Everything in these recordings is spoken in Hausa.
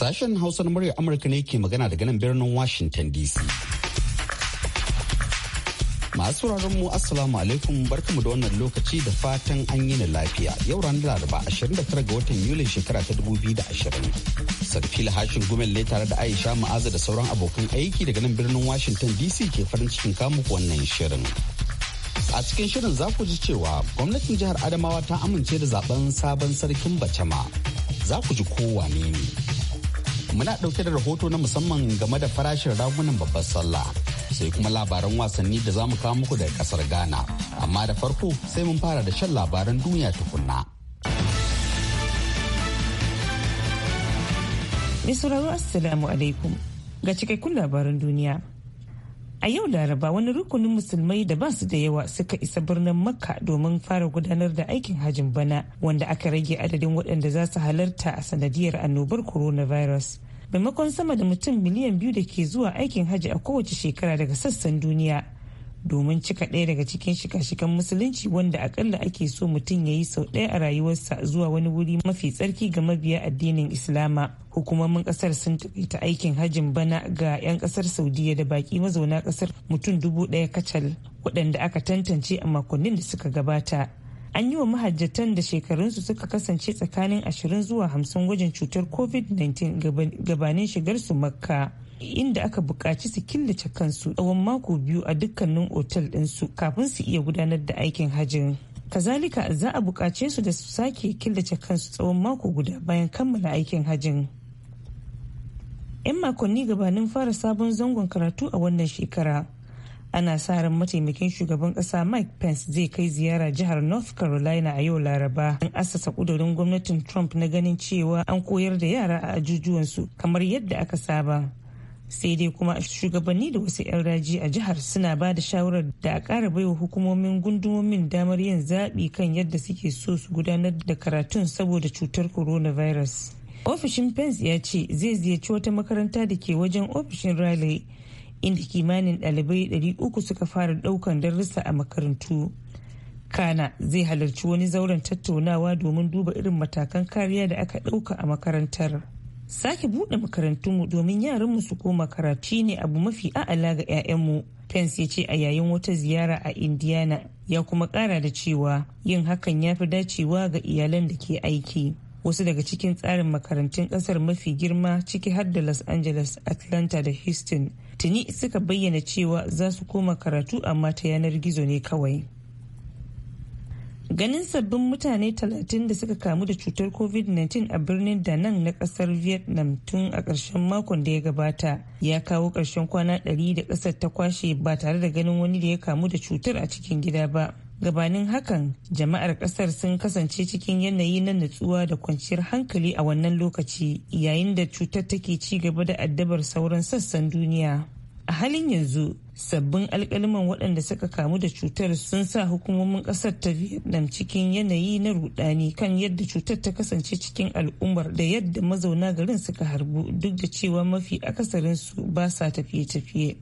Sashen Hausa na murya Amurka ne ke magana daga nan birnin Washington DC. Masu mu Assalamu alaikum barkamu da wannan lokaci da fatan an yi lafiya. Yau ranar Laraba 29 ga watan Yulin shekara ta 2020. Sarfil Hashin Gumel ne tare da Aisha Ma'aza da sauran abokan aiki daga nan birnin Washington DC ke farin cikin kamu wannan shirin. A cikin shirin za ku ji cewa gwamnatin jihar Adamawa ta amince da zaben sabon sarkin Bacama. Za ku ji kowa ne ne. muna ɗauke da rahoto na musamman game da farashin ragunan babbar sallah sai kuma labaran wasanni da za mu kawo muku daga kasar ghana amma da farko sai mun fara da shan labaran duniya tukunna mai assalamu alaikum ga cikakkun labaran duniya a yau laraba wani rukunin musulmai da basu da yawa suka isa birnin makka domin fara gudanar da aikin hajin bana wanda aka rage adadin waɗanda za su halarta a sanadiyar annobar coronavirus maimakon sama da mutum miliyan biyu da ke zuwa aikin hajji a kowace shekara daga sassan duniya domin cika ɗaya daga cikin shika-shikan musulunci wanda akalla ake so mutum ya yi sau ɗaya a rayuwarsa zuwa wani wuri mafi tsarki ga mabiya addinin islama hukumomin ƙasar sun taƙaita aikin hajjin bana ga 'yan ƙasar saudiya da baƙi mazauna ƙasar mutum dubu ɗaya kacal waɗanda aka tantance a makonnin da suka gabata an yi wa mahajjatan da shekarunsu suka kasance tsakanin ashirin zuwa hamsin wajen cutar covid-19 gabanin shigarsu makka inda aka buƙaci su killace kansu tsawon mako biyu a dukkanin otal ɗinsu kafin su iya gudanar da aikin hajjin. Kazalika za a buƙace su da su sake killace kansu tsawon mako guda bayan kammala aikin hajjin. 'Yan makonni gabanin fara sabon zangon karatu a wannan shekara. ana sa ran mataimakin shugaban kasa mike pence zai kai ziyara jihar north carolina a yau laraba an assasa kudurin gwamnatin trump na ganin cewa an koyar da yara a ajujuwansu kamar yadda aka saba sai dai kuma shugabanni da wasu 'yan raji a jihar suna ba da shawarar da a ƙara baiwa hukumomin gundumomin damar yin zaɓi kan yadda suke so su gudanar da karatun saboda cutar coronavirus ofishin pence ya ce zai ziyarci wata makaranta da ke wajen ofishin raleigh inda kimanin ɗalibai 300 suka fara ɗaukan darussa a makarantu kana zai halarci wani zauren tattaunawa domin duba irin matakan kariya da aka ɗauka a makarantar. sake buɗe mu domin yaran mu su koma karatu ne abu mafi a'ala ga 'ya'yanmu pence ya ce a yayin wata ziyara a indiana ya kuma ƙara da cewa yin hakan ya fi dacewa ga iyalan da ke aiki wasu daga cikin tsarin makarantun kasar mafi girma ciki har da los angeles atlanta da houston tuni suka bayyana cewa za su koma karatu amma ta yanar gizo ne kawai ganin sabbin mutane 30 da suka kamu da cutar covid-19 a birnin da nan na kasar vietnam tun a ƙarshen makon da ya gabata ya kawo ƙarshen kwana 100 da ƙasar ta kwashe ba tare da ganin wani da ya kamu da cutar a cikin gida ba gabanin hakan jama'ar kasar sun kasance cikin yanayi na natsuwa da kwanciyar hankali a wannan lokaci yayin da cutar take ci gaba da addabar sauran sassan duniya a halin yanzu sabbin alkaliman waɗanda suka kamu da cutar sun sa hukumomin ƙasar ta vietnam cikin yanayi na rudani kan yadda cutar ta kasance cikin al'ummar da yadda mazauna garin suka harbu duk da cewa mafi akasarinsu ba sa tafiye-tafiye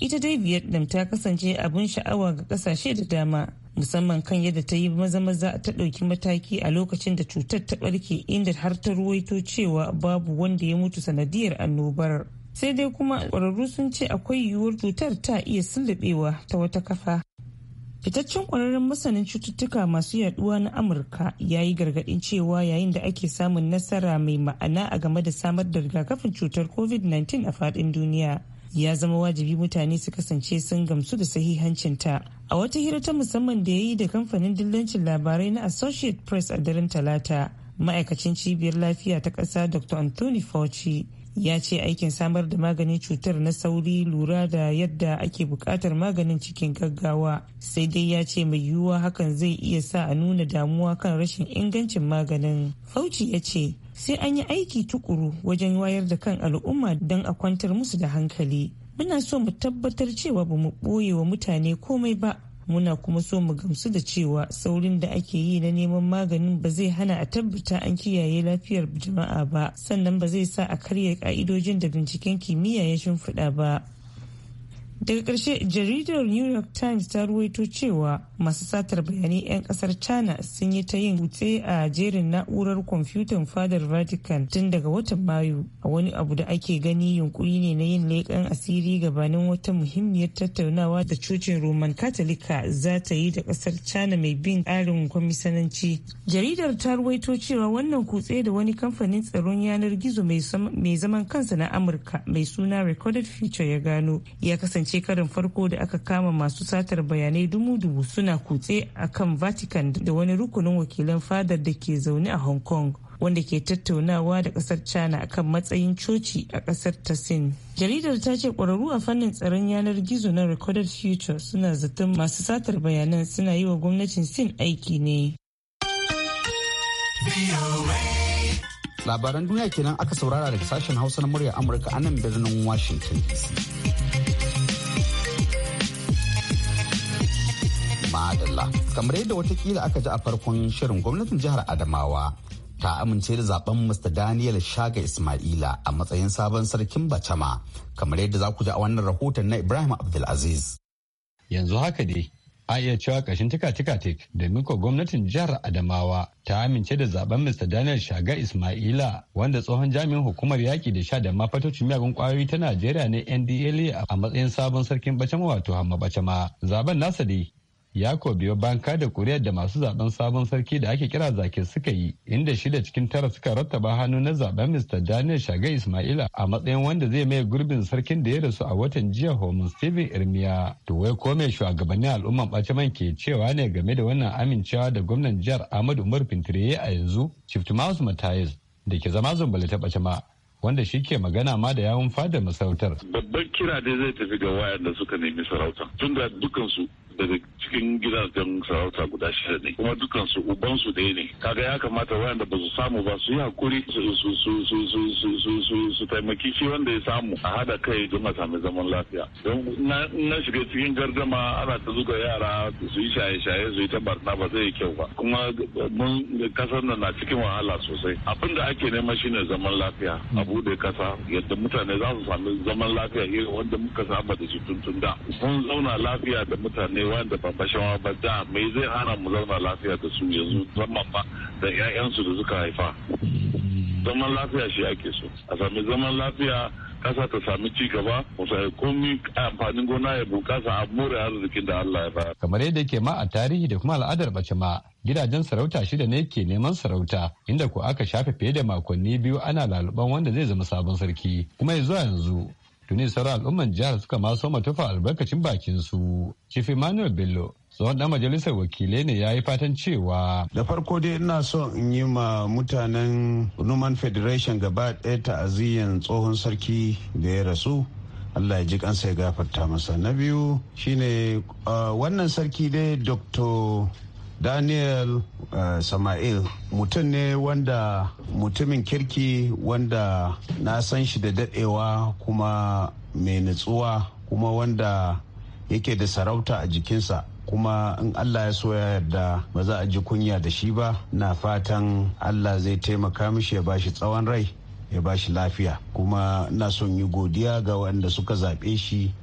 ita dai vietnam ta kasance abin sha'awa ga ƙasashe da dama musamman kan yadda ta yi maza-maza ta ɗauki mataki a lokacin da cutar ta ɓarke inda har ta ruwaito cewa babu wanda ya mutu sanadiyar annobar sai dai kuma ƙwararru sun ce akwai yiwuwar cutar ta iya sullubewa ta wata kafa fitaccen ƙwararren masanin cututtuka masu yaduwa na amurka ya yi gargaɗin cewa yayin da ake samun nasara mai ma'ana a game da samar da rigakafin cutar covid-19 a faɗin duniya ya zama wajibi mutane su kasance sun gamsu da sahihancinta a wata hira ta musamman da ya yi da kamfanin dillancin labarai na associate press a daren talata ma'aikacin cibiyar lafiya ta ƙasa dr anthony fauci ya ce aikin samar da maganin cutar na sauri lura da yadda ake bukatar maganin cikin gaggawa sai dai ya ce mai yiwuwa hakan zai iya sa a nuna damuwa kan rashin ingancin maganin fauci ya ce sai an yi aiki tukuru wajen wayar da kan al'umma don a kwantar musu da hankali muna so mu tabbatar cewa ba mu ɓoye wa mutane komai ba muna kuma so mu gamsu da cewa saurin da ake yi na neman maganin ba zai hana a tabbata an kiyaye lafiyar jama'a ba sannan ba zai sa a karya ka'idojin da binciken kimiyya ya shimfiɗa ba daga ƙarshe jaridar new york times ta ruwaito cewa masu satar bayanai 'yan ƙasar china sun yi ta yin kutse a jerin na'urar kwamfutan fadar vatican tun daga watan mayu a wani abu da ake gani yunkuri ne na yin leƙen asiri gabanin wata muhimmiyar tattaunawa da cocin roman katolika za ta yi da ƙasar china mai bin tsarin kwamisananci jaridar ta ruwaito cewa wannan kutse da wani kamfanin tsaron yanar gizo mai zaman kansa na amurka mai suna recorded feature ya gano ya kasance kasance karin farko da aka kama masu satar bayanai dumu-dubu suna kutse a kan vatican da wani rukunin wakilan fadar da ke zaune a hong kong wanda ke tattaunawa da kasar china akan matsayin coci a kasar ta sin jaridar ta ce ƙwararru a fannin tsaron yanar gizo na recorded future suna zaton masu satar bayanan suna yi wa gwamnatin sin aiki ne labaran duniya kenan aka saurara daga sashen hausa na murya amurka a nan birnin washington dc Madalla. Kamar yadda watakila aka ji a farkon shirin gwamnatin jihar Adamawa ta amince da zaben Mr. Daniel Shaga Ismaila a matsayin sabon sarkin Bacama kamar yadda za ku ji a wannan rahoton na Ibrahim Abdulaziz. Yanzu haka dai a iya cewa kashin tika-tika tek da miko gwamnatin jihar Adamawa ta amince da zaben Mr. Daniel Shaga Ismaila wanda tsohon jami'in hukumar yaƙi da sha da mafatocin miyagun ƙwayoyi ta Najeriya ne NDLA a matsayin sabon sarkin Bacama wato Hamma Bacama. Zaben nasa dai ya ko biyo banka da kuriyar da masu zaben sabon sarki da ake kira zake suka yi inda shi da cikin tara suka rattaba hannu na zaben Mr. Daniel Shaga Ismaila a matsayin wanda zai mai gurbin sarkin da ya rasu a watan jiya Homer Steven Irmiya. To wai ko mai shugabannin al'umman Bacaman ke cewa ne game da wannan amincewa da gwamnan jihar Ahmadu Umar Fintire a yanzu Chief Mouse Matthias da ke zama zumbale ta Bacama. wanda shi ke magana ma da yawun fadar masarautar. Babban kira dai zai tafi ga wayar da suka nemi sarauta. Tun da dukansu daga cikin gidajen sarauta guda shida ne kuma dukansu ubansu ɗaya ne kaga ya kamata wanda ba su samu ba su yi hakuri su taimaki shi wanda ya samu a hada kai don a sami zaman lafiya don na shiga cikin gardama ana ta zuga yara su yi shaye-shaye su yi ta barna ba zai yi kyau ba kuma mun kasar na cikin wahala sosai abin da ake nema shine zaman lafiya a bude kasa yadda mutane za su sami zaman lafiya irin wanda muka saba da shi tun da mun zauna lafiya da mutane ne wanda ba ba da me zai hana mu zauna lafiya da su yanzu zaman ba da 'ya'yansu da suka haifa zaman lafiya shi ake so a sami zaman lafiya kasa ta sami ci gaba musayi komi amfanin gona ya bukasa a more arzikin da Allah ya ba Kamar yadda ke ma a tarihi da kuma al'adar bace ma gidajen sarauta shida ne ke neman sarauta inda ko aka shafe fiye da makonni biyu ana laluban wanda zai zama sabon sarki kuma ya zuwa yanzu tuni sauran al'umman jihar suka ma soma tufa albarkacin bakin su chief emmanuel bello tsohon dan majalisar wakilai ne ya yi fatan cewa da farko dai ina so in yi ma mutanen numan federation gaba ɗaya ta'aziyyar tsohon sarki da ya rasu allah ya ji kansa ya gafarta masa na biyu shine uh, wannan sarki dai dr daniel uh, sama'il mutum ne wanda mutumin kirki wanda na san shi da dadewa kuma mai nutsuwa kuma wanda yake da sarauta a jikinsa kuma in allah ya so ya yarda ba za a ji kunya da shi ba na fatan allah zai taimaka mishi ya bashi tsawon rai ya bashi lafiya kuma na son yi godiya ga wanda suka zaɓe shi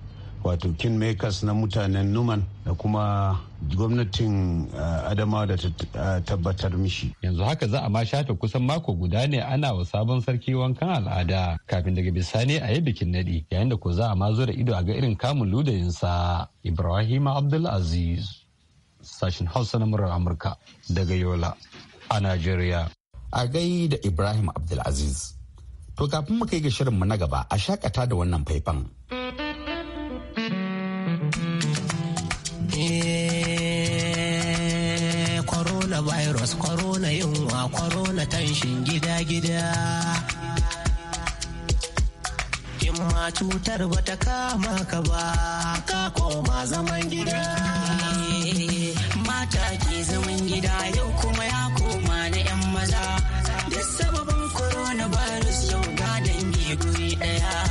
wato Makers na mutanen numan da kuma gwamnatin uh, adamawa da ta uh, tabbatar mishi yanzu haka za a ma shafe kusan mako guda ne ana wa sabon sarki wankan al'ada kafin daga bisani a yi bikin naɗi yayin da ko za a ma zo da ido a ga irin kamun ludayinsa ibrahim abdulaziz sashen hausa na murar amurka daga yola a najeriya a gai da ibrahim abdulaziz to kafin muka yi ga shirinmu na gaba a shakata da wannan faifan virus corona yunwa corona tanshin gida-gida in ma cutar ta kama ka ba ka koma zaman gida mata ke zaman gida yau kuma ya koma na 'yan maza da sababin virus yau ga dangi guri daya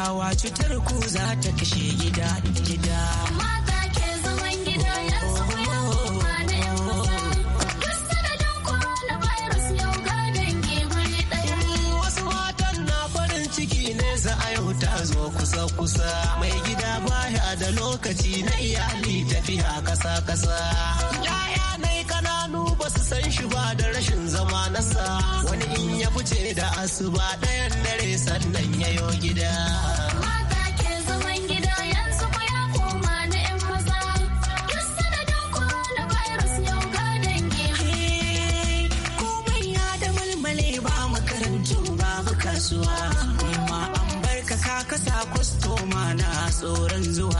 talakawa cutar ku za ta kashe gida gida. Mata ke zaman gida yanzu ku yau ma na yau. Sanadin coronavirus yau gadon ke guri ɗaya. Wasu matan na farin ciki ne za a yau ta zo kusa kusa. Mai gida baya da lokaci na iyali tafi a ƙasa-ƙasa. da asuba ɗayan dare sannan yayo gida. Mata ke zaman gida yanzu ku ya koma na 'yan maza. Duk sanadin coronavirus yau gadon gehe. Komai ya da mulmule ba makarantu babu kasuwa. Nima an barka ka kasa kwastoma na tsoron zuwa.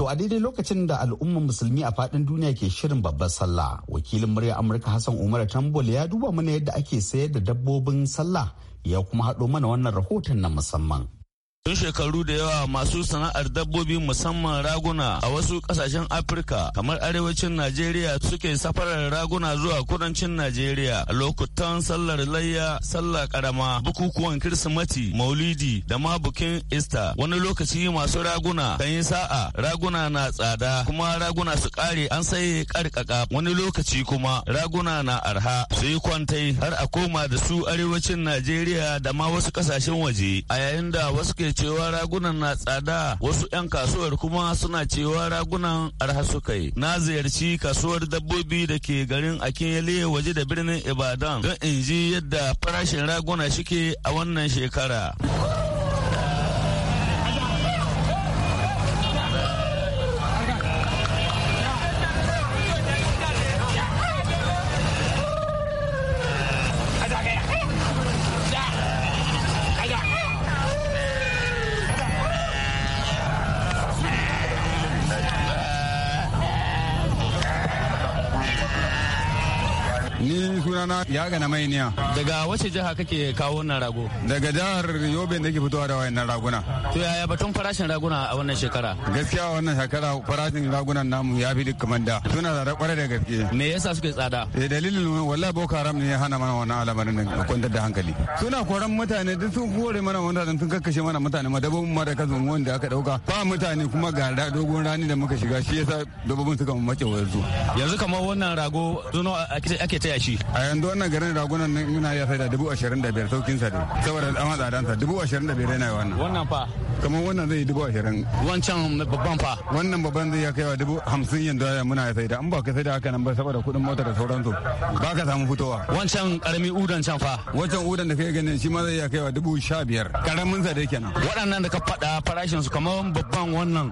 To a daidai lokacin da al'ummar musulmi a faɗin duniya ke shirin babbar sallah, wakilin murya Amurka Hassan Umar Tambol ya duba mana yadda ake sayar da dabbobin sallah ya kuma haɗo mana wannan rahoton na musamman. Tun shekaru da yawa masu sana'ar dabbobi musamman raguna a wasu kasashen Afirka kamar arewacin Najeriya suke safarar raguna zuwa kudancin Najeriya a lokutan sallar layya, sallar karama, bukukuwan Kirsimati, Maulidi da ma bukin Easter. Wani lokaci masu raguna kan yi sa'a, raguna na tsada kuma raguna su kare an sai karkaka. Wani lokaci kuma raguna na arha su yi kwantai har a koma da su arewacin Najeriya da ma wasu kasashen waje a yayin da wasu ke cewa ragunan na tsada wasu 'yan kasuwar kuma suna cewa ragunan arha suka yi. Na ziyarci kasuwar dabbobi da ke garin Akinyele waje da birnin Ibadan don in ji yadda farashin raguna shike a wannan shekara. sunana ya gana mai niya. Daga wace jiha kake kawo wannan rago? Daga jihar Yobe da ke fitowa da wayannan raguna. To yaya batun farashin raguna a wannan shekara? Gaskiya wannan shekara farashin ragunan namu ya fi duk da. Suna da kware da gaske. Me yasa suke tsada? Eh dalilin wallahi Boko Haram ne ya hana mana wannan al'amarin nan a kwantar da hankali. Suna koran mutane duk sun kore mana mutane sun kakkashe mana mutane madabobin ma da kazan wanda aka dauka. Ba mutane kuma ga dogon rani da muka shiga shi yasa dabobin suka mace wasu. Yanzu kamar wannan rago zuno ake taya shi. A yanzu wannan garin ragunan nan muna iya sai da dubu ashirin da biyar saukin sa ne saboda dama sa dubu ashirin da biyar yana wannan wannan fa kamar wannan zai yi dubu ashirin wancan babban fa wannan babban zai ya kaiwa dubu hamsin yanzu muna ya sai da an ba ka sai da haka nan ba saboda kuɗin mota da sauransu ba ka samu fitowa wancan karami udan can fa wancan udan da kai ganin shi ma zai ya kaiwa dubu sha biyar karamin sa dai kenan waɗannan da ka faɗa farashin su kamar babban wannan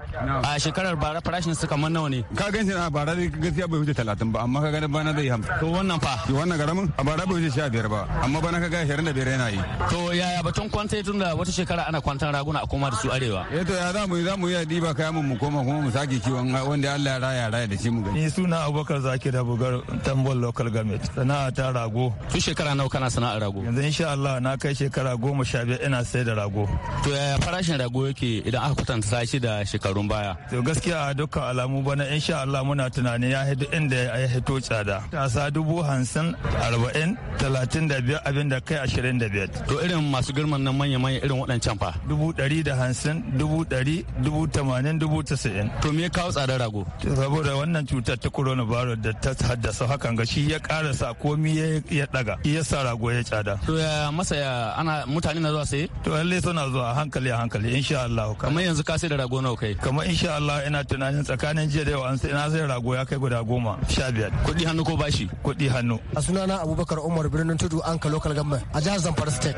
a shekarar bara farashin su kamar nawa ne ka gan shi na bara dai gaskiya bai wuce talatin ba amma ka gani bana zai hamsin to wannan fa wannan karamin a bara bai sha biyar ba amma bana kaga shirin da biyar yana yi. to yaya batun kwanta tun da wata shekara ana kwantan raguna a koma da su arewa. eh to ya za mu za mu iya diba mun mu koma kuma mu sake kiwon wanda Allah ya raya raya da shi mu gani. ni suna Abubakar Zakir bugar Tambol Local Government sana'a ta rago. tun shekara nawa kana sana'a rago. yanzu insha Allah na kai shekara goma sha biyar ina sai da rago. to yaya farashin rago yake idan aka kwatanta shi da shekarun baya. to gaskiya a dukkan alamu bana insha Allah muna tunanin ya hito inda ya hito tsada. tasa dubu hamsin arba'in talatin da biyar abin da kai ashirin da biyar to irin masu girman nan manya-manya irin waɗancan fa dubu ɗari da hamsin dubu ɗari dubu tamanin dubu tasa'in to me kawo tsadar rago saboda wannan cutar ta coronavirus da ta haddasa hakan ga shi ya karasa komi ya ɗaga ya sa rago ya tsada to ya masaya ana mutane na zuwa sai to lalle suna zuwa a hankali a hankali insha Allah kamar yanzu ka sai da rago nawa kai kamar insha Allah ina tunanin tsakanin jiya da yau an sai na sai rago ya kai guda goma sha biyar kuɗi hannu ko bashi kuɗi hannu a suna sunana abubakar umar birnin tudu an ka local government a jihar zamfara state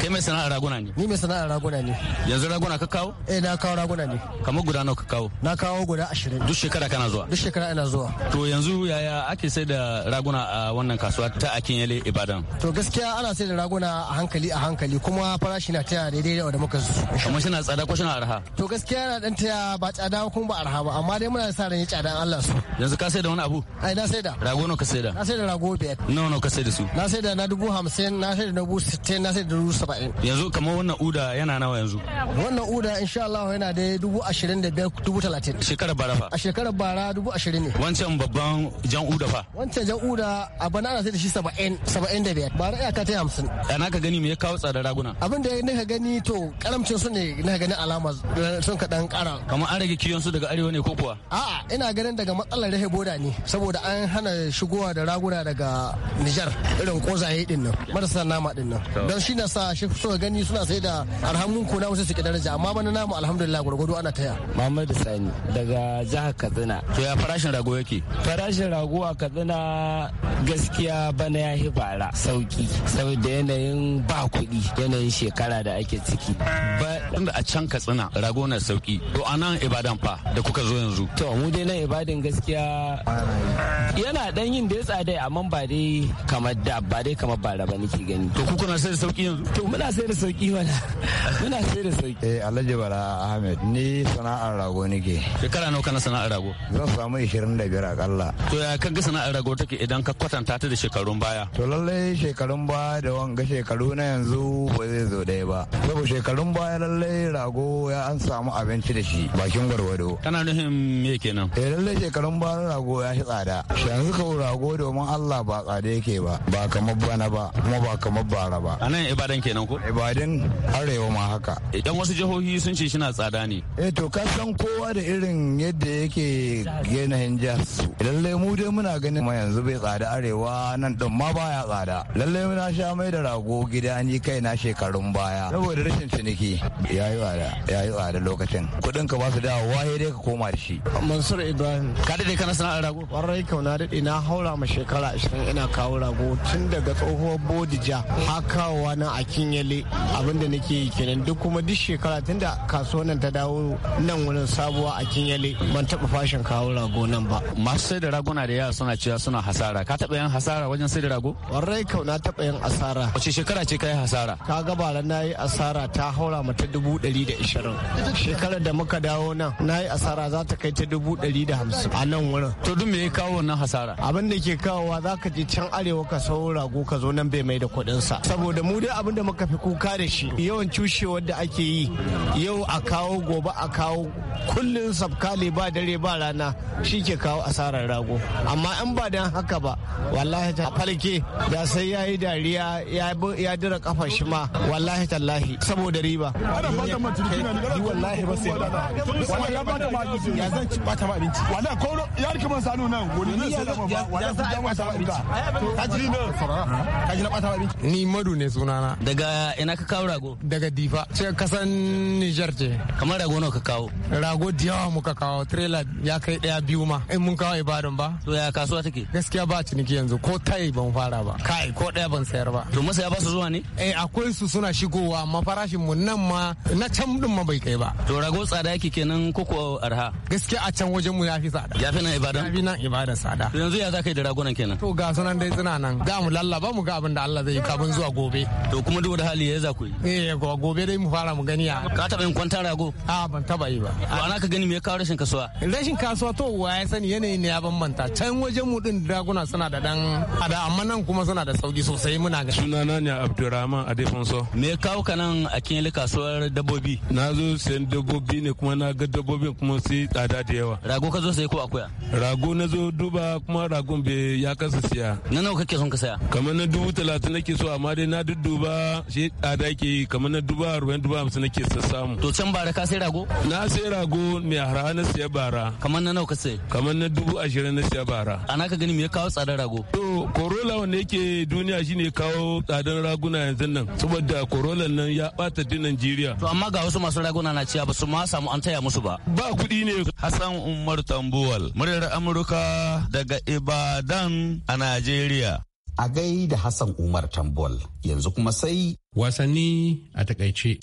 kai mai sana'ar raguna ne ni mai sana'ar raguna ne yanzu raguna ka kawo eh na kawo raguna ne kamar guda nawa ka kawo na kawo guda ashirin duk shekara kana zuwa duk shekara ina zuwa to yanzu yaya ake sai da raguna a wannan kasuwa ta akinyele ibadan to gaskiya ana sai da raguna a hankali a hankali kuma farashi na taya daidai da muka su kuma shi na tsada ko shi na arha to gaskiya na dan taya ba tsada kuma ba arha ba amma dai muna sa ran ya tsada Allah su yanzu ka sai da wani abu ai na sai da rago ka sai da na sai da rago biyar nawa nawa ka sai da su na sai da na dubu hamsin na sai da dubu sittin na sai da dubu saba'in yanzu kamar wannan uda yana nawa yanzu wannan uda insha Allah yana da dubu ashirin da biyar dubu talatin shekarar bara fa a shekarar bara dubu ashirin ne wancan babban jan uda fa wancan jan uda a bana na sai da shi saba'in saba'in da biyar bara ka ta hamsin n'a ka gani me ya kawo tsada raguna abin da na ka gani to karamcin su ne na gani alama sun ka dan kara kamar an rage kiyon su daga arewa ne ko kuwa a'a ina ganin daga matsalar rahe boda ne saboda an hana shigowa da raguna daga Nijar irin kozaye din nan marasa nama din nan don shi na sa shi so gani suna sai da alhamdun ko namu sai su daraja amma bana namu alhamdulillah gurgudu ana taya Muhammadu Sani daga jihar Katsina to ya farashin rago yake farashin rago a Katsina gaskiya bana ya hi bara sauki saboda yanayin ba kuɗi yanayin shekara da ake ciki ba tunda a can Katsina rago na sauki to anan Ibadan fa da kuka zo yanzu to mu dai nan Ibadan gaskiya yana dan yin da ya tsada amma ba dai kamar da ba dai kamar bara ba nake gani to ku kuna sai da sauki yanzu to muna sai da sauki wala muna sai da sauki eh Alhaji Bala Ahmed ni sana'ar rago nake shekara nawa kana sana'ar rago zan samu 25 akalla to ya kaga sana'ar rago take idan ka kwatanta ta da shekarun baya to lallai shekarun baya da wanga shekaru na yanzu ba zai zo dai ba saboda shekarun baya lallai rago ya an samu abinci da shi bakin gwarwado kana nufin me kenan eh lallai shekarun baya rago ya shi tsada yanzu ka rago domin Allah ba ba tsada yake ba ba kamar bana ba kuma ba kamar bara ba a nan ibadan kenan ko ibadan arewa ma haka idan wasu jihohi sun ce shina tsada ne eh to ka san kowa da irin yadda yake yanayin jihar su lallai mu dai muna ganin ma yanzu bai tsada arewa nan din ma baya tsada lalle muna sha mai da rago gida ni kai na shekarun baya saboda rashin ciniki yayi tsada yayi tsada lokacin kudin ka ba su dawowa sai dai ka koma da shi mansur ibrahim ka dade kana sana'ar rago kwarai kauna dade na haura ma shekara 20 yana kawo rago tun daga tsohuwar bodija ha kawowa nan a kinyale abinda nake yi kenan duk kuma duk shekara tun da kasuwar nan ta dawo nan wurin sabuwa a kinyale ban taba fashin kawo rago nan ba. masu sai da raguna da yawa suna cewa suna hasara ka taba yin hasara wajen sai da rago? warai kau na taba yin asara. wace shekara ce kai hasara? ka ga bara na yi asara ta haura ta dubu ɗari da ishirin. shekarar da muka dawo nan na yi asara za ta kai ta dubu ɗari da hamsin a nan wurin. to duk me ya kawo wannan hasara? abin da ke kawowa za ka je je can arewa ka sau rago ka zo nan bai mai da kuɗinsa saboda mu dai abinda muka fi kuka da shi yawan cushewar da ake yi yau a kawo gobe a kawo kullun sabkale ba dare ba rana shi ke kawo asarar rago amma in ba dan haka ba wallahi ta falke da sai ya yi dariya ya dira kafa shi ma wallahi tallahi saboda riba wallahi ba sai ya zan ci bata ma abinci wallahi ko ya rike man sanu nan gobe sai da ma wallahi ba ta abinci kaji na bata abinci ni madu ne sunana daga ina ka kawo rago daga difa ce kasan Niger ce kamar rago nawa ka kawo rago diyawa muka kawo trela ya kai daya biyu ma in mun kawo ibadan ba to ya kasuwa take gaskiya ba ciniki yanzu ko tai ban fara ba kai ko daya ban sayar ba to masaya ba su zuwa ne eh akwai su suna shigowa amma farashin mu nan ma na can din ma bai kai ba to rago tsada yake kenan koko arha gaskiya a can wajen mu yafi tsada yafi nan ibadan yafi nan ibadan tsada yanzu ya za da ragunan kenan to ga sunan dai tsina nan Ga mu lallaba mu ga abin da Allah zai yi kafin zuwa gobe to kuma duk da hali ya za ku yi eh gobe dai mu fara mu gani ya ka taba yin kwanta rago a ban taba yi ba ana ka gani me ya kawo rashin kasuwa rashin kasuwa to wa ya sani yanayi ne ya bambanta can wajen mu din daguna suna da dan ada amma nan kuma suna da sauki sosai muna ga sunana ne Abdulrahman Adefonso me ya kawo ka nan a kinli kasuwar dabbobi na zo sayan dabbobi ne kuma na ga dabbobin kuma sai tsada da yawa rago ka zo sai ko akuya rago na zo duba kuma ragon bai ya kasa siya na nawa kake son ka saya kamar na dubu talatin nake so amma dai na dudduba shi tsada yake yi kamar na dubu arba'in dubu hamsin nake samu to can bara ka sai rago na sai rago mai hara na siya bara kamar na nawa ka sai kamar na dubu ashirin na siya bara ana ka gani me ya kawo tsadar rago to corolla wanda yake duniya shine kawo tsadar raguna yanzu nan saboda corolla nan ya bata din nigeria. to amma ga wasu masu raguna na cewa ba su ma samu an taya musu ba ba kuɗi ne Hassan Umar Tambuwal muryar Amurka daga Ibadan a Najeriya. A gai da Hassan Umar Tambol yanzu kuma sai wasanni a takaice.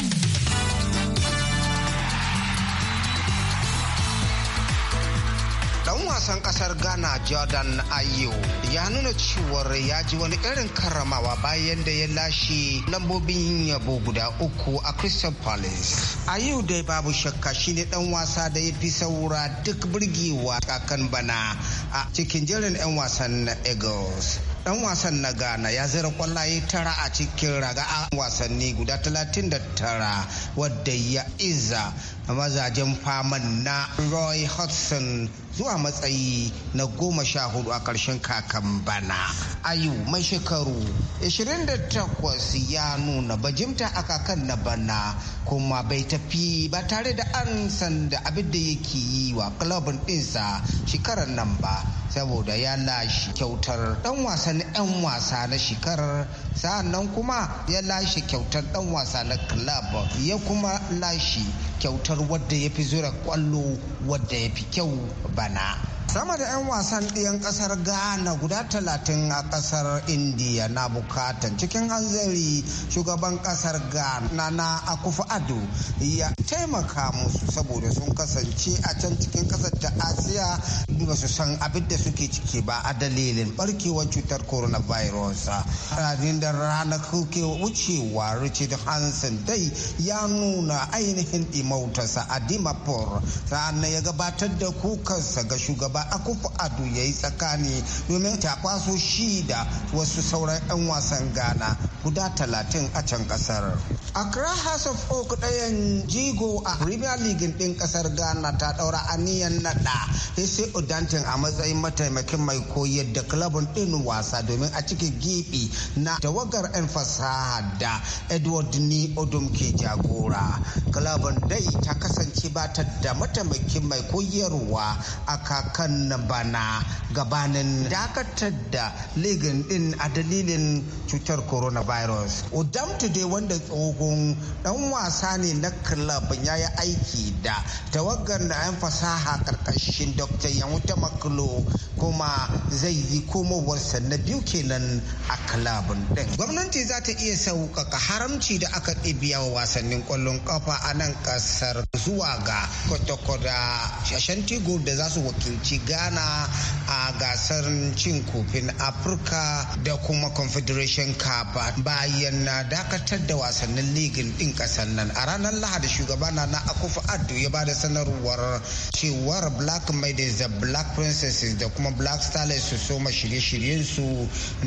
kasar ghana jordan ayew ya nuna cewar ya ji wani irin karamawa bayan da ya lashe lambobin yabo guda uku a crystal palace ayew dai babu shakka shine dan wasa da ya fi saura duk birgewa kakan bana a cikin jerin 'yan wasan eagles dan wasan na ghana ya zira kwallaye tara a cikin raga a wasanni guda 39 wadda ya iza mazajen faman na roy hudson zuwa matsayi na goma sha hudu a ƙarshen kakan bana ayu mai shekaru 28 ya nuna bajimta a kakan na bana kuma bai tafi ba tare da an sanda abin da yake yi wa klabin ɗinsa shekarar nan ba saboda ya lashe kyautar ɗan wasan 'yan wasa na shekarar sa'an kuma ya lashe kyautar dan wasa na club ya kuma lashe kyautar wadda ya fi zura kwallo wadda ya fi kyau bana sama da 'yan wasan ɗiyan ƙasar ghana guda talatin a ƙasar indiya na bukatan cikin hanzari shugaban ƙasar ghana na akufa ado ya taimaka musu saboda sun kasance a can cikin ƙasar ta asiya ba su san abin da suke ciki ba a dalilin barkewar cutar coronavirus ranar da rana kuke wucewa richard hansen dai ya nuna ainihin imautarsa a dimapur ranar ya gabatar da kukansa ga shugaban ba akufu ado ya yi tsakani domin ta kwaso shi da wasu sauran 'yan wasan Gana guda talatin a can kasar accra house of oak ɗayan jigo a premier league ɗin ƙasar Gana ta ɗaura aniyan naɗa sai odantin a matsayin mataimakin mai koyar da klabin ɗin wasa domin a cikin gibi na tawagar 'yan fasaha da edward ni odum ke jagora klabin dai ta kasance ba ta da mataimakin mai koyarwa a kakan shekaran bana gabanin dakatar da ligin din a dalilin cutar coronavirus Odam today wanda tsohon dan wasa ne na club ya yi aiki da tawagar da yan fasaha karkashin dr yamuta maklo kuma zai yi komowarsa na biyu kenan a club din gwamnati za ta iya sauƙaƙa haramci da aka ɗibiya wa wasannin ƙwallon ƙafa a nan ƙasar zuwa ga kwata-kwata shashanti da za su wakilci ghana a gasar cin kofin afirka da kuma confederation cup bayan na dakatar da wasannin ligin din kasar nan a ranar lahadi shugaba na na akufa addo ya ba da sanarwar cewar black maidens da black princesses da kuma black stars su soma shirye-shiryen su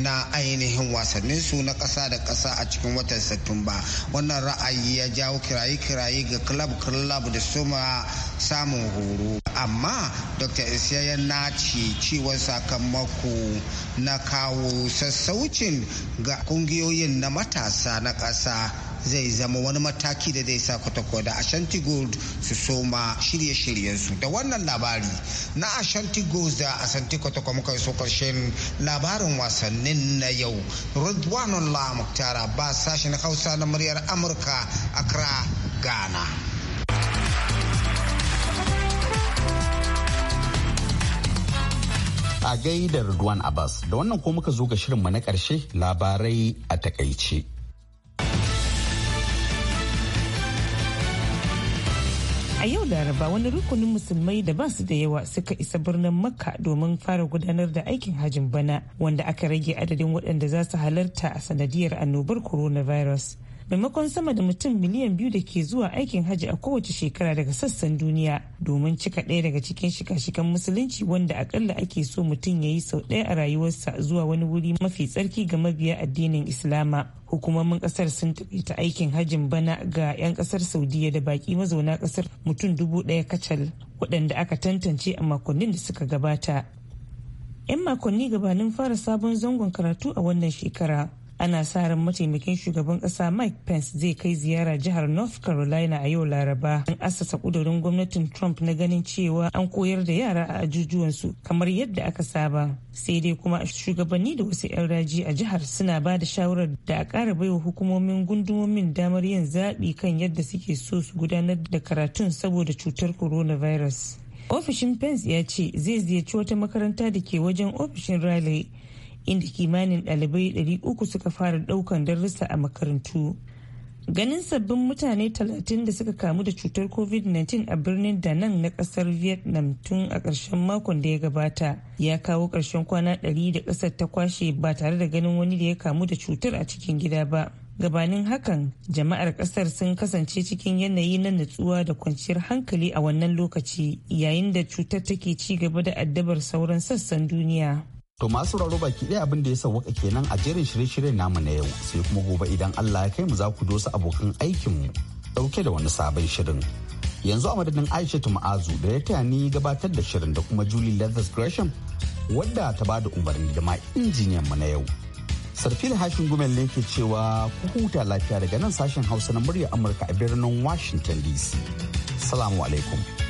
na ainihin wasannin su na kasa da kasa a cikin watan satumba wannan ra'ayi ya jawo kiraye-kiraye ga club club da soma samun horo amma dr isa ya naci ciwon sakamako na kawo sassaucin ga kungiyoyin na matasa na ƙasa zai zama wani mataki da zai sa kwatakwa da ashanti gold su soma shirye-shiryensu da wannan labari na ashanti gold da Asanti kwatakwa muka so karshen labarin wasannin na yau ridwanullah muktara ba sashen hausa na muryar amurka accra ghana a gaidar Duwan Abbas da wannan ko muka zo ga shirinmu na ƙarshe labarai a takaice. A yau Laraba wani rukunin musulmai da ba su da yawa suka isa birnin Makka domin fara gudanar da aikin hajin bana wanda aka rage adadin waɗanda za su halarta a sanadiyar annobar coronavirus. maimakon sama da mutum miliyan biyu da ke zuwa aikin hajji a kowace shekara daga sassan duniya domin cika ɗaya daga cikin shika-shikan musulunci wanda akalla ake so mutum ya yi sau ɗaya a rayuwarsa zuwa wani wuri mafi tsarki ga mabiya addinin islama hukumomin ƙasar sun taƙaita aikin hajjin bana ga 'yan ƙasar saudiya da baƙi mazauna ƙasar mutum dubu ɗaya kacal waɗanda aka tantance a makonnin da suka gabata 'yan makonni gabanin fara sabon zangon karatu a wannan shekara ana sa ran mataimakin shugaban kasa mike pence zai kai ziyara jihar north carolina a yau laraba an asasa kudurin gwamnatin trump na ganin cewa an koyar da yara a ajujuwansu kamar yadda aka saba sai dai kuma shugabanni da wasu 'yan raji a jihar suna ba da shawarar da a kara baiwa hukumomin gundumomin damar yin zaɓi kan yadda suke so su gudanar da karatun saboda cutar coronavirus ofishin pence ya ce zai ziyarci wata makaranta da ke wajen ofishin raleigh inda kimanin ɗalibai 300 suka fara ɗaukan darussa a makarantu. Ganin sabbin mutane 30 da suka kamu da cutar COVID-19 a birnin da nan na ƙasar Vietnam tun a ƙarshen makon da ya gabata ya kawo ƙarshen kwana 100 da ƙasar ta kwashe ba tare da ganin wani da ya kamu da cutar a cikin gida ba. Gabanin hakan, jama'ar ƙasar sun kasance cikin yanayi na natsuwa da kwanciyar hankali a wannan lokaci yayin da cutar take ci gaba da addabar sauran sassan duniya. To masu sauraro baki ɗaya abin da ya sauwaka kenan a jerin shirye-shiryen namu na yau sai kuma gobe idan Allah ya kai mu za ku dosa abokan aikin mu ɗauke da wani sabon shirin. Yanzu a madadin Aisha Ma'azu da ya taya ni gabatar da shirin da kuma Julie Leathers Gresham wadda ta bada umarni da ma injiniyan mu na yau. Sarfil Hashin Gumel ne ke cewa ku huta lafiya daga nan sashen Hausa na murya Amurka a birnin Washington DC. Salamu alaikum.